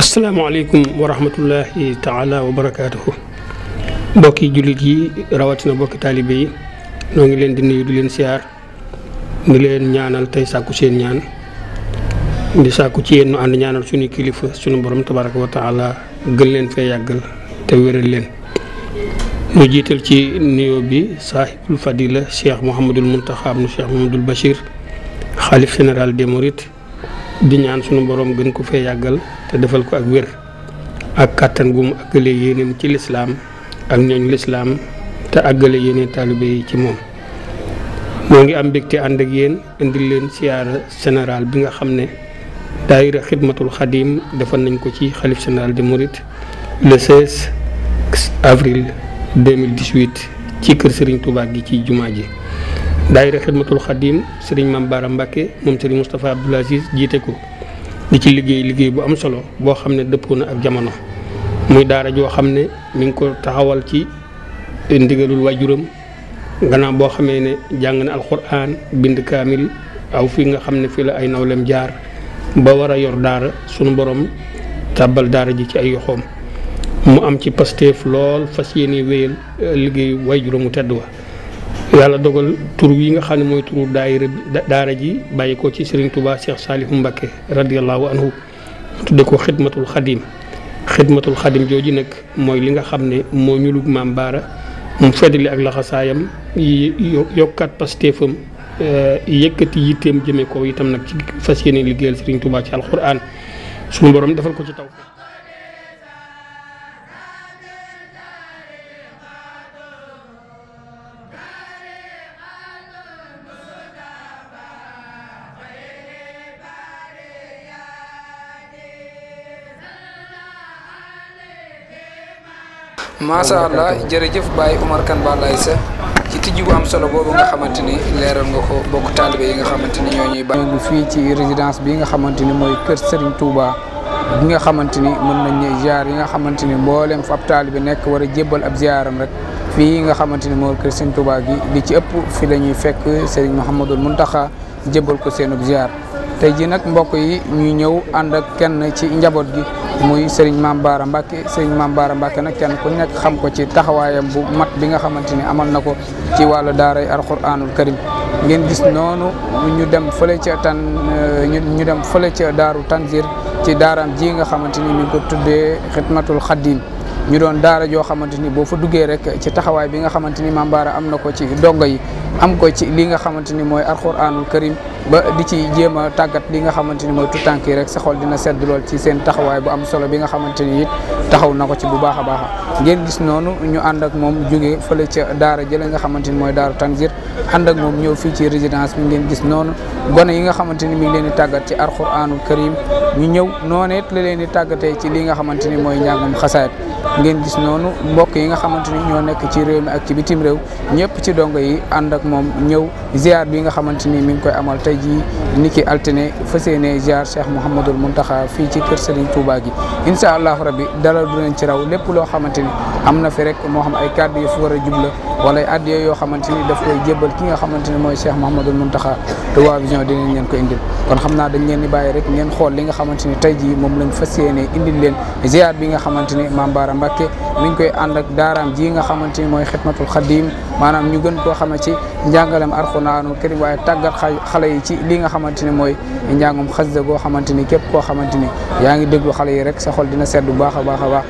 asalaamaaleykum wa rahmatullahi taala wa barakaatuhu mbokki jullit yi rawatina mbokki taalibe yi ñoo ngi leen di nuyu di leen siyaar di leen ñaanal tey sàkku seen ñaan di sàkku ci yéen ñu ànd ñaanal suñu kilifa suñu borom tabaraka wa taala gën leen fee yàggal te wéral leen ñu jiital ci nuyoo bi saahibul fadila cheikh mouhamadul muntaxa ibnu cheikh mouhamadul bachir xaalif général des mourides di ñaan suñu borom gën ko fee yàggal te defal ko ak wér ak kàttan gu mu àggale yéeneem ci lislaam ak ñooñ lislaam te àggale yéene taalibe yi ci moom moo ngi am mbégte ànd ak yéen indil leen siyaara général bi nga xam ne daayira xidmatul xadim defal nañ ko ci xalif général de Mouride le 16 avril 2018 ci kër sëriñ tubaab gi ci jumaa ji daayira xidmatul xadim Serigne Mame Bara Mbacke moom Serigne Moustapha Abdoul Aziz jiite ko di ci liggéey liggéey bu am solo boo xam ne dëppoo na ak jamono muy daara joo xam ne mi ngi ko taxawal ci ndigalul waajuram gannaaw boo xamee ne jàng na alxuraan bind kaamil aw fii nga xam ne fii la ay nawleem jaar ba war a yor daara sunu borom tàbbal daara ji ci ay yoxoom mu am ci pasteef lool fas yéene wéyal liggéey juróom mu tedd wa yàlla dogal tur yi nga xam ne mooy turu daayira daara ji bàyyi ko ci Serigne Touba Cheikh Saliou Mbacké radiyallahu anhu tudde ko xidmatul xadim xidmatul xadim jooju nag mooy li nga xam ne moo ñulug maam baara mu feddali ak laxasaayam yokkaat pasteefam euh, yëkkati yitteem jëme ko itam nag ci fas yéene liggéeyal Serigne tubaa ci alquran suñu borom defal ko ci taw macha allah jërëjëf Baye Umar Kane Balla Aïssa ci tijji bu am solo boobu nga xamante ni leeral nga ko bokk taalibe yi nga xamante ni ñoo fii ci résidence bi nga xamante ni mooy kër Serigne Touba bi nga xamante ni mën nañu ziar yi nga xamante ni mboolem fa ab taalibe nekk war jëbal jébbal ab ziaram rek. fii nga xamante ni moo kër Serigne Touba gi li ci ëpp fi la ñuy fekk Serigne mun taxa jëbal ko seenub ziar. tey ji nag mbokk yi ñu ñëw ànd ak kenn ci njaboot gi muy Serigne Mame Bara Mbacke Serigne Mame Bara Mbacke nag kenn ku nekk xam ko ci taxawaayam bu mat bi nga xamante ni amal na ko ci wàllu daaray alxuraanul karim ngeen gis noonu ñu dem fële ca tan euh, ñu dem fële ca daaru Tanzir ci daaraam ji nga xamante ni ñu ko tuddee xidmatul xaddiim ñu doon daara joo xamante ni boo fa duggee rek ci taxawaay bi nga xamante ni Mame am na ko ci dongo yi am ko ci li nga xamante ni mooy alxuraanul karim ba di ci jéem a tàggat li nga xamante ni mooy tutànk yi rek sa xol dina sedd lool ci seen taxawaay bu am solo bi nga xamante ni taxaw na ko ci bu baax a baax ngeen gis noonu ñu ànd ak moom jóge fële ca daara jële nga xamante ni mooy daaru Tanzir ànd ak moom ñëw fii ci résidence bi ngeen gis noonu gone yi nga xamante ni mi ngi leen di tàggat ci alxuraanul karim ñu ñëw noonu it la tàggatee ci li nga xamante ni mooy njàngum xasaayat ngeen gis noonu mbokk yi nga xamante ni ñoo nekk ci réew mi ak ci bitim réew ñëpp ci dongo yi ànd ak moom ñëw ziar bi nga xamante ni mi ngi koy amal tey jii niki altine fas yéene ziar Cheikh Mouhamadul Mountakha fii ci kër Serigne Touba gi incha allahu rabbi dalal du leen ci raw lépp loo xamante ni am na fi rek moo xam ay kàddu yu war a jubla wala addiya yoo xamante ni daf koy jébbal ki nga xamante ni mooy Cheikh Mouhamadul Mountakha Touba Vision dinañ leen ko indil kon xam naa dañ geen di bàyyi rek ngeen xool li nga xamante ni tey jii moom lañ fas yéene indil leen ziar bi nga xamante ni Baara Mbacke mi ngi koy ànd ak daaraam ji nga xamante ni mooy xidmatul xadim maanaam ñu gën koo xame ci njàngalem arxunaanu kërim waaye tàggat xale yi ci li nga xamante ni mooy njàngum xasida goo xamante ni képp koo xamante ni yaa ngi déglu xale yi rek sa xol dina sedd bu baax a baax a baax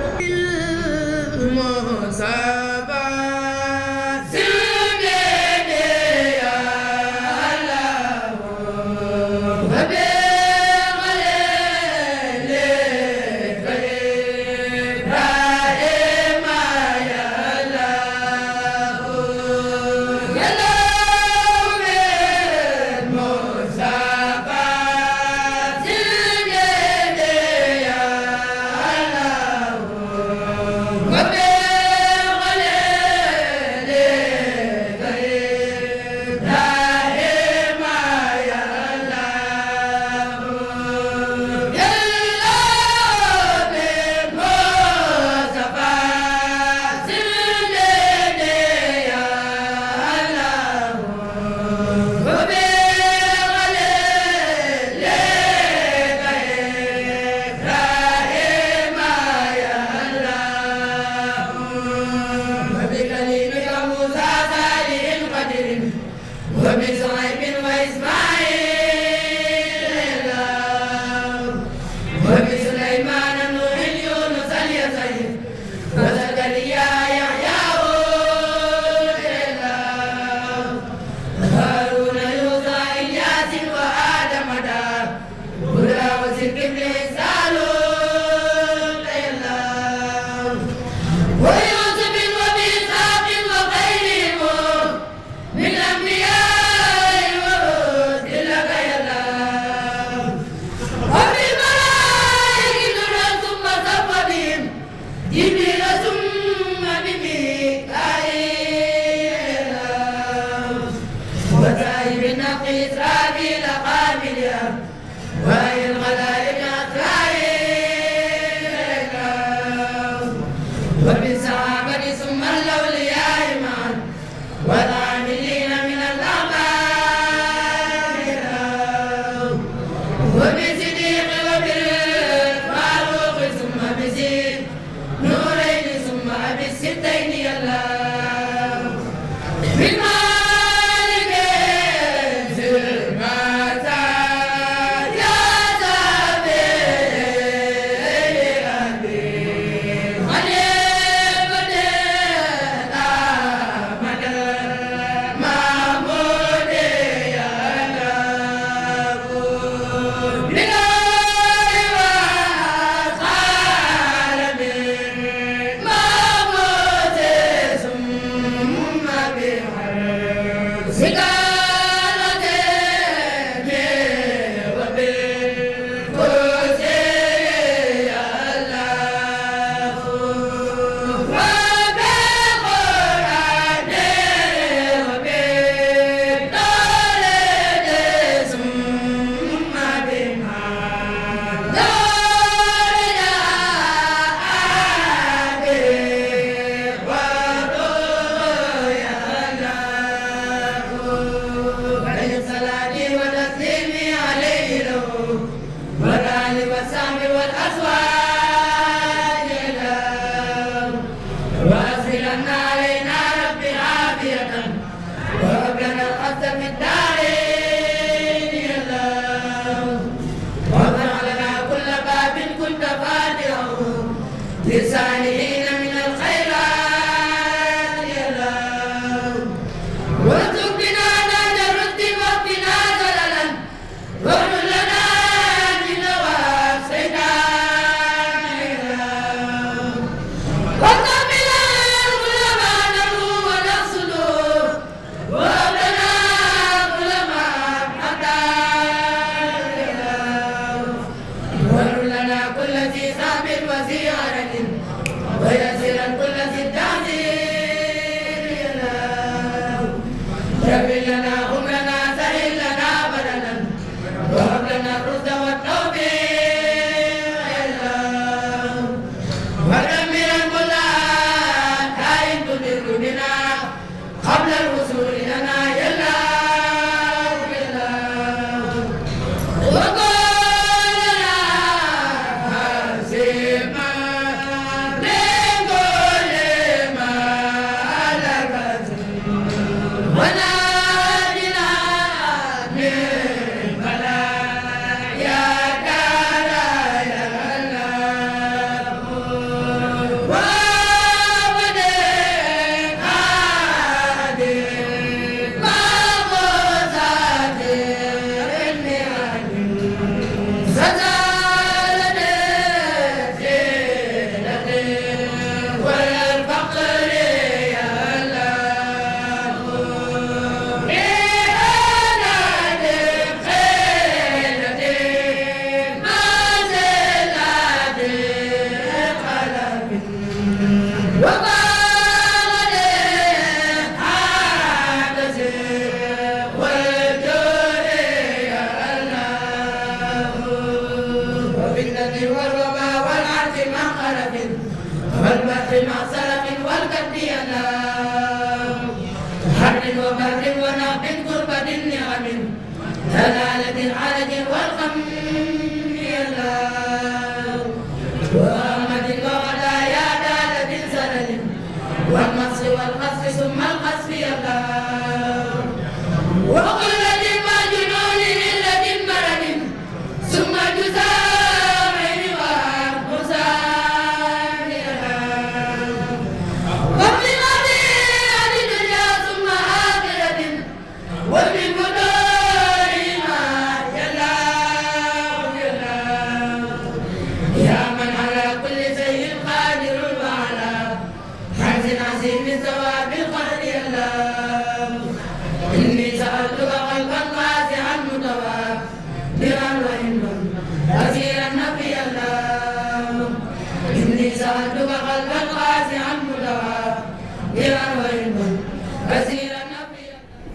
Wow.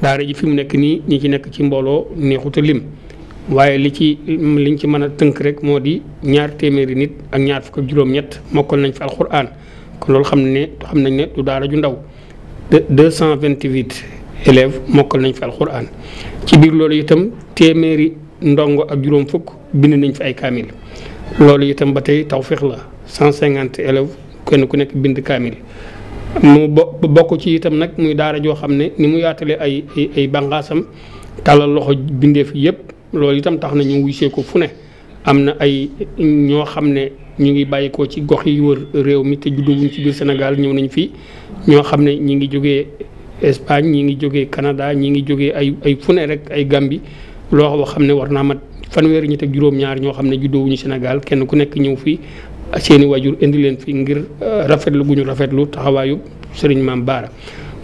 daara ji fi mu nekk nii ñi ci nekk ci mbooloo neexut a lim waaye li ci liñ ci mën a tënk rek moo di ñaar téeméeri nit ak ñaar fukk ak juróom-ñett mokkal nañ fi alxuraan kon loolu xam ne xam nañ ne daara ju ndaw deux cent vingt-huit élèves mokkal nañ fi alxuraan ci biir loolu itam téeméeri ndongo ak juróom fukk bind nañ fi ay kaamil loolu itam ba tey tawféex la cent cinquante élèves kenn ku nekk bind kaamil mu bokk ci itam nag muy daara joo xam ne ni mu yaatale ay ay bànqaasam tàllal loxo bindeef yëpp loolu itam tax na ñu wuysee ko fu ne am na ay ñoo xam ne ñu ngi bàyyi ko ci gox yi wër réew mi te judduwuñ ci biir Sénégal ñëw nañ fii ñoo xam ne ñi ngi jóge Espagne ñi ngi jógee kanadaa ñi ngi jógee ay ay fune rek ay Gambie loo xam ne war naa mat fanweeri ñi teg juróom-ñaar ñoo xam ne juddoowuñu Sénégal kenn ku nekk ñëw fii seeni waajur wajur indi leen fi ngir euh, rafetlu gu ñu rafetlu taxawaayu sëriñ maam Baara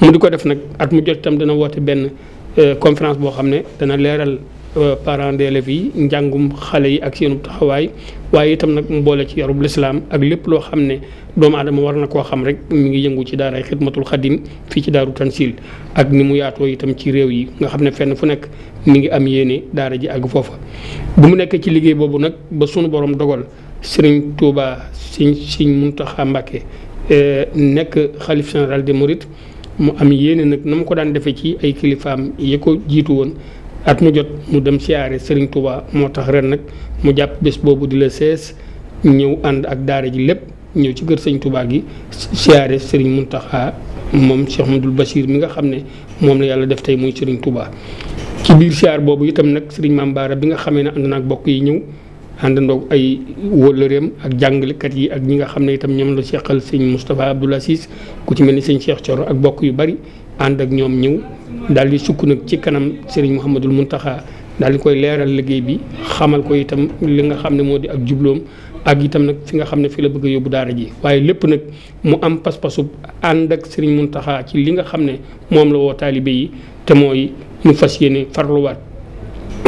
mu di ko def nag at mu jot itam dana woote benn euh, conférence boo xam ne dana leeral euh, parents d'élèves yi njàngum xale yi ak seenu taxawaay waaye itam nag mu boole ci yarub lislaam ak lépp loo xam ne doomu aadama war na koo xam rek mu ngi yëngu ci daaray xidmatul xadim fii ci daaru tansil ak ni mu yaatoo itam ci réew yi nga xam ne fenn fu nekk mu ngi am yéene daara ji ak foofa bu mu nekk ci liggéey boobu nag ba sunu borom dogal sëriñ Touba sëriñ sëriñ Mountakha Mbacké eh, nekk xalif général des Mourides mu am yéene nag na mu ko daan defee ci ay kilifaam yi ko jiitu woon at mu jot mu dem siyaare sëriñ Touba moo tax ren nag mu jàpp bés boobu di la sees ñëw ànd ak daara ji lépp ñëw ci kër sëñ Touba gi siyaare sëriñ Mountakha moom Cheikh dul Bachir mi nga xam ne moom la yàlla def tey muy sëriñ Touba. ci biir siyaar boobu itam nag sëriñ Mame bi nga xamee ne ànd naag bokk yi ñëw. àndandoo ay wóllëreem ak jàngalekat yi ak ñi nga xam ne itam ñoom la seqal sëñ Moustapha Abdoul Aziz ku ci mel ni sëñ Cheikh Thioro ak bokk yu bari ànd ak ñoom ñëw daal di sukk nag ci kanam sëriñ Mouhamadul Mountakha daal di koy leeral liggéey bi xamal ko itam li nga xam ne moo di ak jubloom ak itam nag fi nga xam ne fi la bëgg a yóbbu daara ji waaye lépp nag mu am pas-pasub ànd ak sëriñ Mountakha ci li nga xam ne moom la woo taalibe yi te mooy ñu fas yéene farluwaat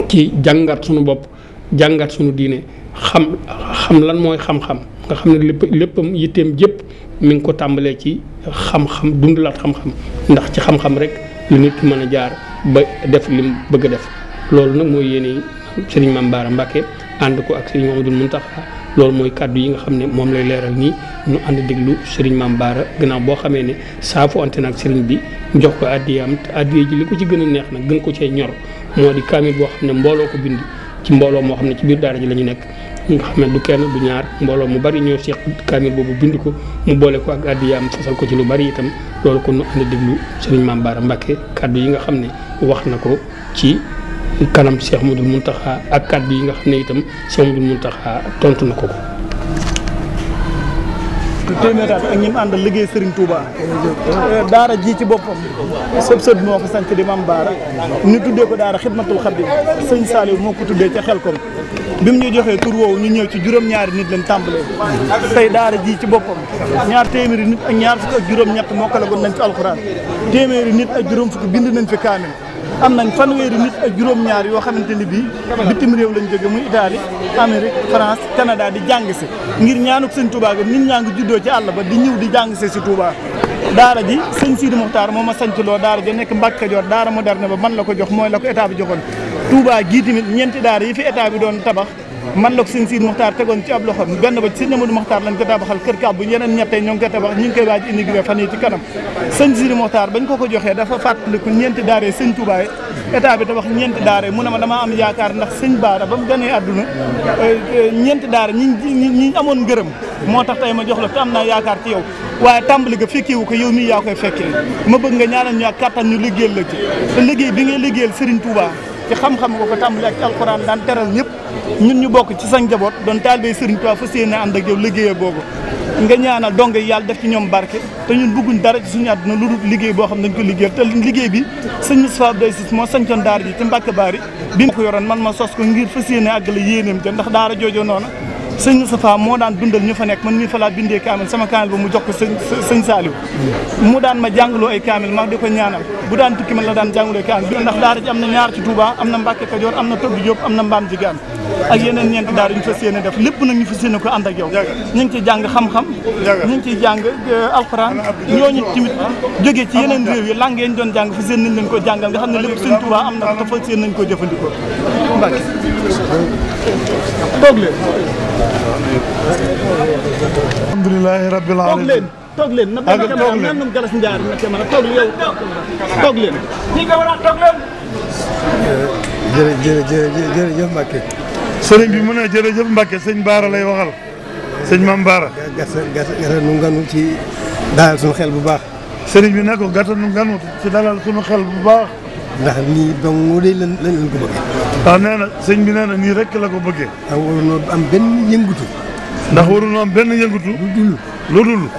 ci jàngat sunu bopp. jàngat suñu diine xam xam lan mooy xam-xam nga xam ne lépp léppam yitteem jëpp mi ngi ko tàmbalee ci xam-xam dundalaat xam-xam ndax ci xam-xam rek lu nit ki mën a jaar ba def lim bëgg a def loolu nag mooy yéene sëriñ Maam Baara Mbàkke ànd ko ak sëriñ Mamadou Muntaxa loolu mooy kàddu yi nga xam ne moom lay leeral nii ñu ànd déglu sëriñ Maam Baara gannaaw boo xamee ne saafu ante naag sëriñ bi jox ko addiyaam te addiya ji li ko ci gën a neex nag gën ko cee ñor moo di kaamil boo xam ne mbooloo ko bind ci mbooloo moo xam ne ci biir daara ji la ñu nekk nga xam ne du kenn du ñaar mbooloo mu bari ñoo seq kaamil boobu bind ko mu boole ko ak addiyaam fasal ko ci lu bari itam loolu kon nu ànd déglu Serigne Mame Bara Mbacke kàddu yi nga xam ne wax na ko ci kanam mu Cheikh Modou Mountakha ak kàddu yi nga xam ne itam Cheikh Modou Mountakha tontu na ko ko. du téeméer ak ñi mu àndal liggéey Serigne Touba. Euh, daara ji ci boppam. sëb sëb moo ko sanc di maam Baara. ñu tuddee ko daara xidmatul xadim sëñ Saliou moo ko tuddee ca xelkom. bi mu ñu joxee tur woowu ñu ñëw ci juróom-ñaari nit lañ tàmbalee. tey daara ji ci boppam. ñaar téeméeri nit ak ñaar fukk ak juróom-ñett mokkalagoon nañ fi alxuraan. téeméeri nit ak juróom fukk bind nañ fi kaamil. am nañ fanweeri nit a juróom-ñaar yoo xamante ni bii bitim réew lañ jóge muy Italie Amérique France Canada di jàng si ngir ñaanuk sëñ Touba ga nit ñaa ngi juddoo ci àll ba di ñëw di jàng si si Touba daara ji sëñ Sidi Mokhtar moo ma sanc loo daara ji nekk Mbàkke Kajoor daara moderne ba man la ko jox mooy la ko état bi joxoon Touba gii tamit ñeenti daara yi fi état bi doon tabax man la ko sëñ Siidi Muxtaar tegoon ci ab loxoom benn ba ci sëñ Amadou Muxtaar lañ ko tabaxal kër kab bu joxee dafa fàttaliku ñeenti daare sëñ Touba état bi tabax ñeenti daare mu ne ma damaa am yaakaar ndax sëñ Baara ba mu ganee àdduna euh, ñeenti daare ñi ñi amoon ngërëm moo tax tey ma jox la te am naa yaakaar ci yow waaye tàmbali nga fekkeewu ko yow mii yaa koy fekkee ma bëgg nga ñaanal ñu ak kattan ñu liggéeyal la ci te liggéey bi ngay liggéeyal Serigne Touba ci xam-xam nga ko tàmbali ak ci alxuraan daan teral ñëpp ñun ñu bokk ci sañ jaboot doon taalibe Serigne Touba fas yéene ànd ak yow liggéeyee boobu nga ñaanal dong yi yàlla def ci ñoom barke te ñun bëgguñ dara ci suñu àdduna lu dul liggéey boo xam ne dañ ko liggéey te liggéey bi sëñ Moustapha Abdoulaye Ciss moo sañcoon daara ji ci Mbàkke Baari bi ko yoroon man ma sos ko ngir fas yéene àggale yéeneem ja ndax daara joojoo noona sëñ Moustapha moo daan dundal ñu fa nekk man mii fa laa bindee kaamil sama kaamil ba mu jox ko sëñ sëñ hmm. mu daan ma jàngaloo ay kaamil ma di ko ñaanal bu daan tukki man la daan jàngaloo ay kaamil ndax daara ji am na ñaar ci Touba am na Mbacke Kajoor am na Togg Diop am na Mbaam Jigaan ak yeneen ñeent daara yu ñu fas yéene def lépp nag ñu fas yéene ko ànd ak yow ñu ngi ciy jàng xam-xam ñu ngi ciy jàng euh, alxuraan ñooñu tamit jógee ci yeneen yi langue ñu doon jàng fas yéene nañ leen ko jàngal nga xam ne lépp Sëñ Tuubaa am na ko te fas yéene nañ ko jëfandikoo Mbàkke toog leen toog leen na benn caméra nan num galas njaar na caméra toog toog leen ñi nga sëriñ bi mu ne jërëjëf Mbacke sëñ Baara lay waxal sëñ Mam Baara. gerte gerte nu nganu ci dalal suñu xel bu baax. sëriñ bi ne ko gerte nu nganu ci dalal suñu xel bu baax. ndax nii dong moo day lan ko bëggee. waaw ah, nee na sëñ bi nee na nii rek la ko bëggee. ndax waruñoo am benn yëngutu. ndax waruñoo am benn yëngutu. lu dul lu dul.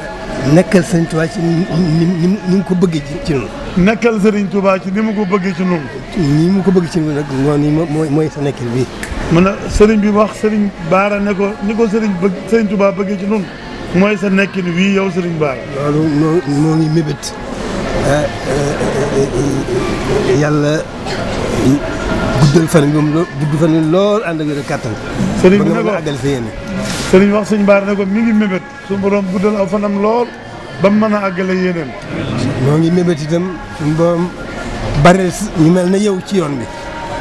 nekkal sëriñ Touba ci ni mu ni mu ko bëggee ci noonu. nekkal sëriñ Touba ci ni mu ko bëggee ci noonu. ni mu ko bëggee ci noonu nag moo mooy mooy sa nekkal mun a sëriñ bi wax sëriñ Baara ne ko ni ko sëriñ bëgg sëriñ Touba bëggee ci noonu mooy sa nekkin wii yow sëriñ Baara. loolu moo moo ngi mébét eh, eh, eh, yàlla guddal fan moom gudd fan bi lool ànd ak yore kàttan. sëriñ bi ne wax sëriñ Baara ne ko mi ngi mébét su borom guddal aw fanam lool ba mu mën a àggale yéeneen. moo ngi mébét itam suñu bari ñu mel na yow ci yoon mi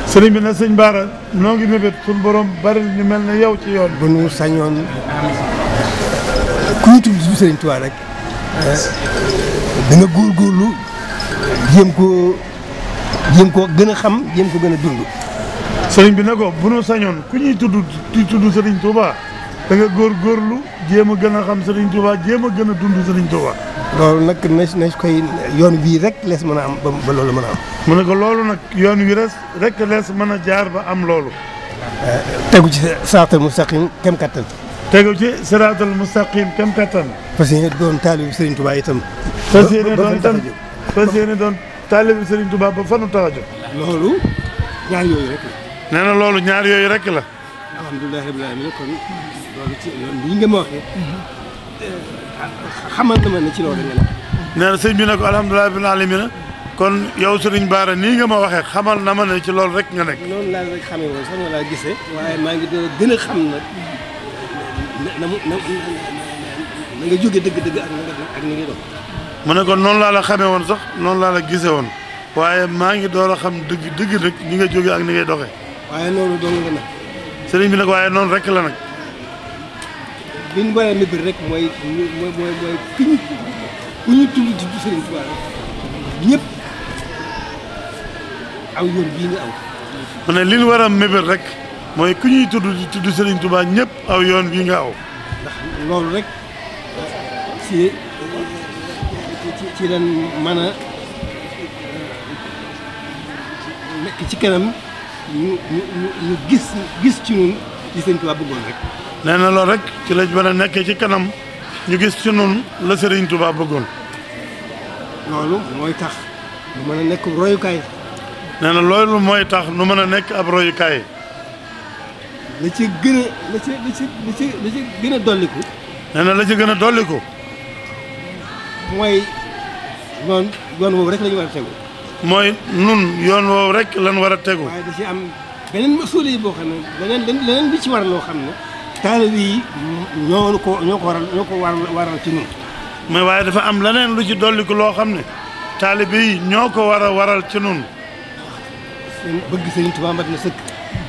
sëriñ bi na sëñ Baara noo ngi mébét suñu borom bari ñu mel na yow ci yoon. bu nu sañoon ku ñu tudd si sëriñ Tuubaa rek eh, danga góor góorlu jéem ko jéem koo gën xam jéem ko gën a dund. sëriñ bi ne ko bu nu sañoon ku ñuy tudd di tudd sëriñ Tuubaa da góor góorgóorlu jéem a gën a xam sëriñ Tuubaa jéem a gën a dund sëriñ Tuubaa. loolu nag na na koy yoon wii rek lees mën am ba loolu mën am. mu ne ko loolu nag yoon wi res rek lees mën a jaar ba am loolu. Eh, tegu ci siraatal mustaqim kem kattan. tegu ci siraatal mustaqim kem kattan. fas yéene doon taalibi Serigne Touba itam. fas yéene doon tam fas yéene doon taalibi Serigne Touba ba fanu tax a jóg. loolu ñaar yooyu loolu ñaar yooyu rek la. alhamdulilah xamal na ma ne ci loolu nga nekk. nee na bi ne i alhamdulilah bil kon yow sëriñ Baara nii nga ma waxee xamal na ma ne ci loolu rek nga nekk. noonu laa rek xamee woon sax maa ngi doon gën mu na noonu laa la xamee woon sax noonu laa la gise woon waaye maa ngi door a xam dëgg dëgg rek ni nga jóge ak ni ngay doxee. waaye noonu doon nga nag. sëriñ bi nag waaye noonu rek la nag. li ñu war rek mooy mooy mooy li ñu war a rek mooy ku ñuy tudd di tudd Sëriñ Tuubaa ñëpp aw yoon bii nga aw. ndax loolu rek ci ci lan mën nekk ci kanam ñu ñu ñu gis gis ci ñun li Sëriñ Tuubaa bëggoon rek. nee na loolu rek ci lañ mën a nekkee ci kanam ñu gis ci noonu la Serigne Touba bëggoon. loolu mooy tax nu mën a nekk na loolu mooy tax nu mën a nekk ab royukaay. la ci gën a la ci la a dolliku. nee na la ci gën a dolliku. mooy noonu yoon woowu rek la ñu tegu. mooy nun yoon woow rek lan war a tegu. waaye da ci am beneen masuul yi xam ne leneen li ci war xam ne. taalibe yi ñoo ko ko waral ñoo ko waral ci ñun. mais waaye dafa am leneen lu ci dolli ko loo xam ne taalibe yi ñoo ko war a waral ci ñun. seen bëgg Serigne Touba mat na sëkk.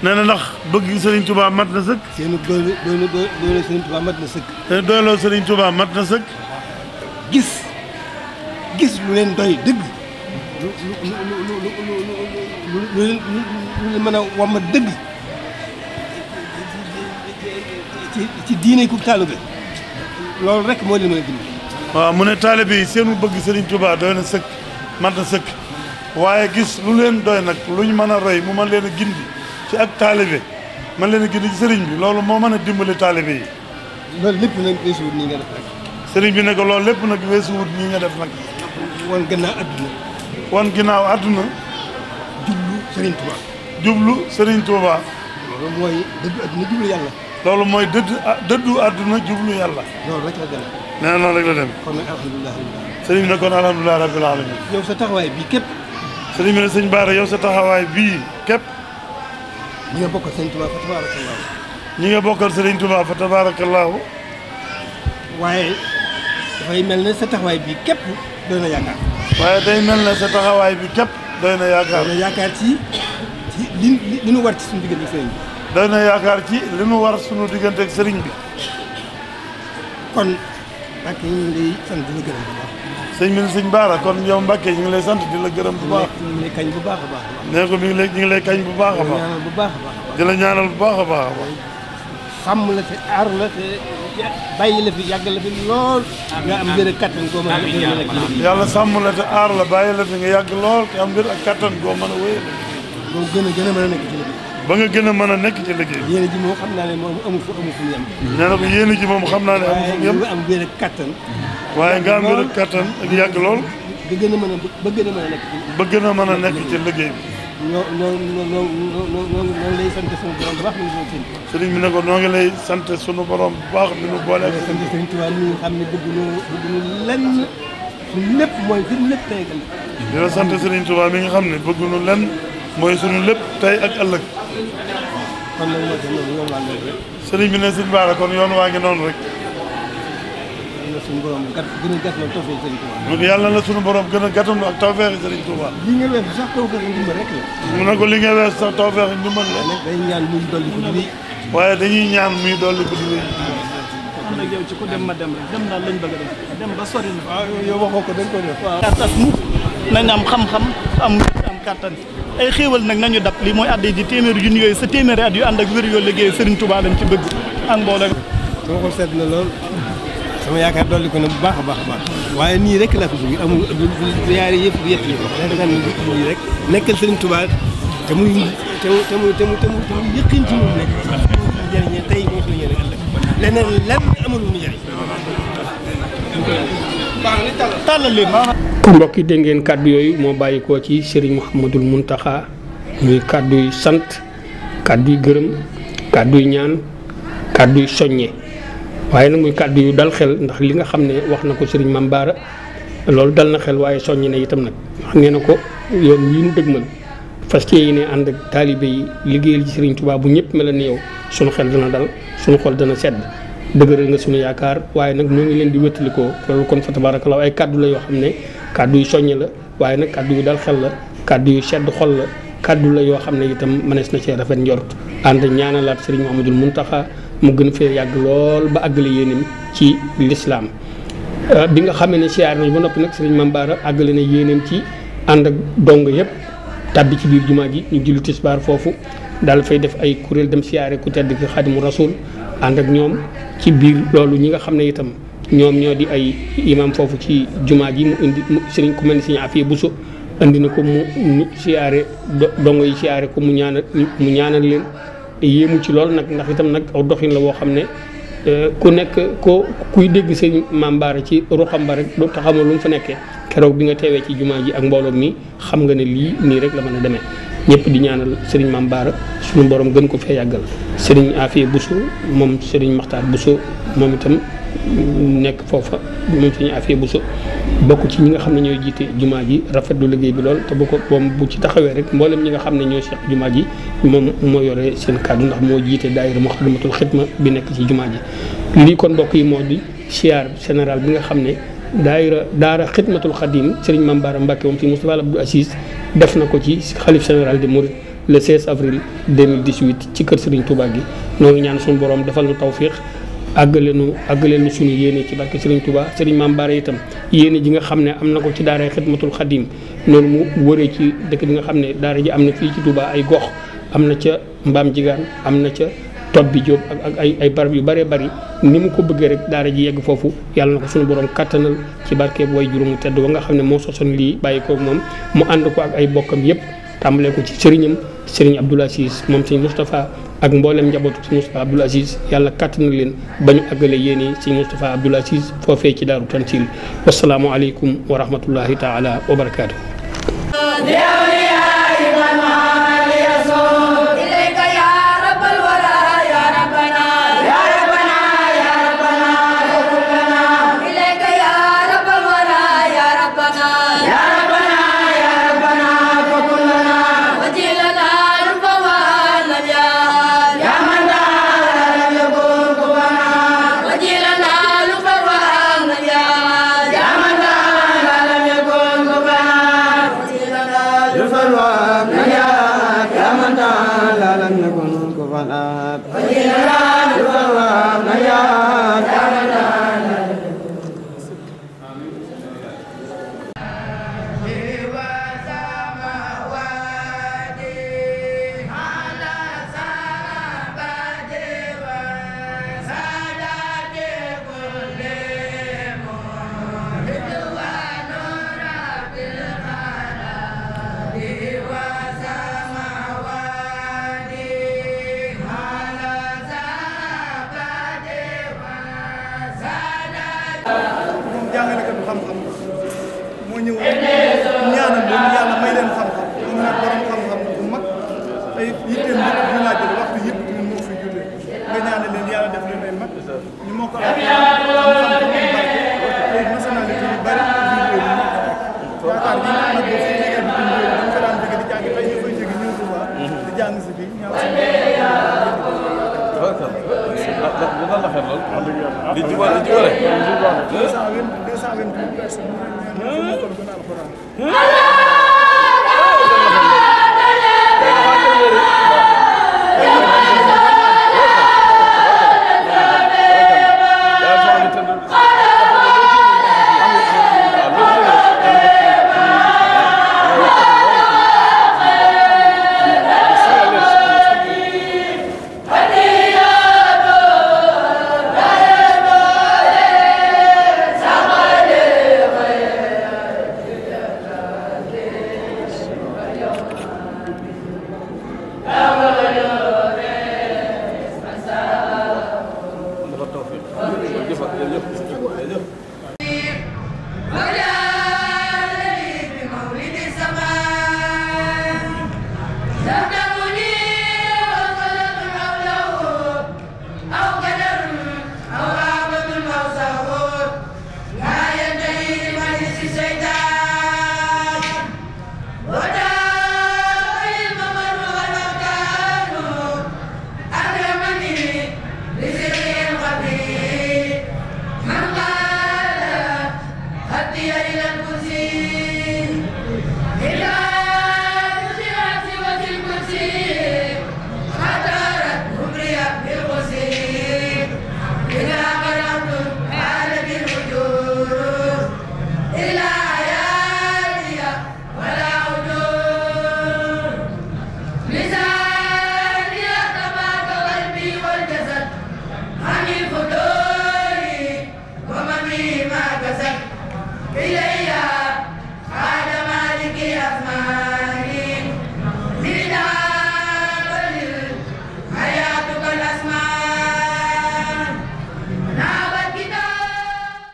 nee na ndax bëgg Serigne mat na sëkk. seen doole doole doole Serigne Touba mat na sëkk. gis gis lu leen doy dëgg. lu lu lu lu mën a wàmm dëgg. ci ci diine ku taalibe loolu rek moo leen mën a dimbali. waaw mu ne taalibe yi seenu bëgg Serigne Touba doy na sëkk mat na sëkk waaye gis lu leen doy nag luñ mën a roy mu mën leen a gindi ci ak taalibe mën leen a gindi ci bi loolu moo mën a dimbali taalibe yi. loolu lépp nag weesuwut nii bi ne loolu lépp nag weesuwut nii nga def nag. wan ginnaaw àdduna. wan ginnaaw àdduna. jublu sëriñ Touba. jublu Serigne Touba. loolu mooy dëgg àdduna jublu yàlla. loolu mooy dëdd dëddu àdduna jublu yàlla. loolu rek la demee. nee noonu rek la demee. kon nag alhamdulilah. bi ne kon alhamdulilah rabbil alamin. yow sa taxawaay bii képp. sëriñ bi ne sëñ Baara yow sa taxawaay bii képp. ñi nga bokkal sëriñ Tuubaa fa tabaarakallaahu. ñi waaye dafay mel ne sa taxawaay bii képp doy na yaakaar. waaye day mel ne sa taxawaay bi képp doy na yaakaar. doy na yaakaar ci ci li li nu war ci suñu diggante sëriñ bi. doy na yaakaar ci li nu war sunu diggante ak sëriñ bi kon Mbacke ñu ngi lay sant di la gërëm bu baax sëñ bi sëñ Baara kon yow Mbacke ñu ngi lay sant di la gërëm bu baax kañ bu baax a baax nee ko mi ñu ngi lay kañ bu baax a baax bu baax a baax di ñaanal bu baax a baax a baax sàmm la te aar la te bàyyi la fi yàgg la fi lool nga am mbir ak kattan goo a yàlla sàmm la te la bàyyi la fi yàgg lool te ak kattan goo a wéyal goo gën a gën a mën nekk ba nga gën a mën a nekk ci liggéey bi. ji moom xam naa ne moom amul fu mu yem. nee na ko yéen a moom xam naa ne amul fu mu am wér ak waaye nga am wér yàgg lool. ba gën a mën a ba a ba gën a mën a nekk ci liggéey bi. ñoo ñoo sunu borom bu ne ko ñoo lay sant sunu borom bu baax boole. ak sant sëriñ Tuubaa na bëgg mooy suñu sant sëriñ Tuubaa mi nga xam ne bëgg na mooy suñu lépp tey ak ëllëg. sëriñ bi ne sëñ Bara kon yoon waa ngi noonu rek. yàlla na suñu borom gën a gàttandu ak tawfeexi sëriñ Touba. li nga weesu sax tawfeexi ndimbal rek la. ko li nga weesu sax tawfeexi ndimbal la. day ñaan waaye dañuy ñaan muy dolli ko di am nag yow ci ku dem ma dem daal lañ bëgg a def dem ba sori na. waaw ah, yow waxoo dañ ko def. am xam-xam am am kàttan. ay xéewal nag nañu dab li mooy adde ji téeméeri junni yooyu sa téeméeri at yu ànd ak wér yoo liggéey Serigne Touba lañ ci bëgg ak mbooloo sama xol sedd na lool sama yaakaar dolli ko na bu baax a baax baax waaye nii rek laa ko bëgg amul yaari yëpp yett yi ko dangan nii rek nekkal Serigne Touba te muy te mu te mu te mu te mu yëkkin ci moom nekk jëriñe tey mbokk yi dégg ngeen kàddu yooyu moo bàyyi ko ci Serigne Mouhamadul Mountakha muy kàddu yu sant kàddu yu gërëm kàddu yu ñaan kàddu yu soññe waaye nag muy kàddu yu dal xel ndax li nga xam ne wax na ko sëriñ Mame Bara loolu dal na xel waaye soññe na itam nag wax nee na ko yoon yi ñu dëgmal yi ne ànd ak taalibe yi liggéeyal ci Serigne Touba bu ñëpp mel ne yow sunu xel dana dal sunu xol dana sedd. dëgëral nga sunu yaakaar waaye nag ñoo ngi leen di wétalikoo kon fa ay kàddu la yoo xam ne kàddu yu soññ la waaye nag kàddu yu dal xel la kàddu yu sedd xol la kàddu la yoo xam ne itam mënees na see rafet njort ànd ñaanalaat sëriñ Mouhamadul Mountakha mu gën fee yàgg lool ba àggale yéenim ci lislaam euh, bi nga xamee ne siyaar nañ ba noppi nag sëriñ Mame Bara àggale na yéeneem ci ànd ak dong yëpp tàbbi ci biir jumaa ji ñu si tisbaar foofu daal fay def ay kuréel dem siyaare ku tedd ki xadimu rasul ànd ak ñoom ci biir loolu ñi nga xam ne itam ñoom ñoo di ay imam foofu ci jumaa ji mu indi sëriñ ku mel ni sëriñ Afia Bousso indi na ko mu ñu siyaare dongo yi siyaare ko mu ñaanal mu leen yéemu ci lool nag ndax itam nag aw doxin la woo xam ne e, ku nekk ko kuy dégg sëñ Maam Bara ci ruxam ba rek du taxamoo lu mu fa nekkee keroog bi nga teewee ci jumaa ji ak mbooloo mi xam nga ne lii nii rek la mën a demee ñëpp di ñaanal sëriñ Maam Bara suñu borom gën ko fee yàggal sëriñ Afia Bousso moom sëriñ nekk foofa moom suñu affaire bu so bokk ci ñi nga xam ne ñooy jiite jumaa ji rafetlu liggéey bi lool te bu ko moom bu ci taxawee rek mboolem ñi nga xam ne ñoo seq jumaa ji moom moo yore seen kàddu ndax moo jiite daayira Muxaddamatul Xidma bi nekk ci jumaa ji lii kon mbokk yi moo di siyaar général bi nga xam ne daayira daara Xidmatul Xadim Sëriñ Mame Bara Mbacke moom si Moustapha Abdou Aziz def na ko ci xalif général de Mouride le 16 avril 2018 ci kër Serigne Touba gi noonu ñaan suñu borom defal nu tawfiq àggaleenu àggaleenu suñu yéene ci barke Serigne Touba Serigne Maam Baara itam yéene ji nga xam ne am na ko ci daara xidmatul xadim noonu mu wëree ci dëkk bi nga xam ne daara ji am na fii ci Touba ay gox am na ca mbaam jigaan am na ca tob bi jóob ak ak ay ay barab yu bëree bëri ni mu ko bëggee rek daara ji yegg foofu yàlla na ko suñu borom kattanal ci barkeeb way juróomu tedd ba nga xam ne moo sosoon lii bàyyi ko moom mu ànd ko ak ay bokkam yépp tàmbalee ko ci sëriñam sëriñ ak mboolem njabootu si Moustapha Abdoul Aziz yàlla kàttan na leen ba ñu àggale yéen ci si Moustapha Abdoul Aziz foofee ci daaru Tansil wasalaamualeykum wa rahmatullahi taala wa barakaatu.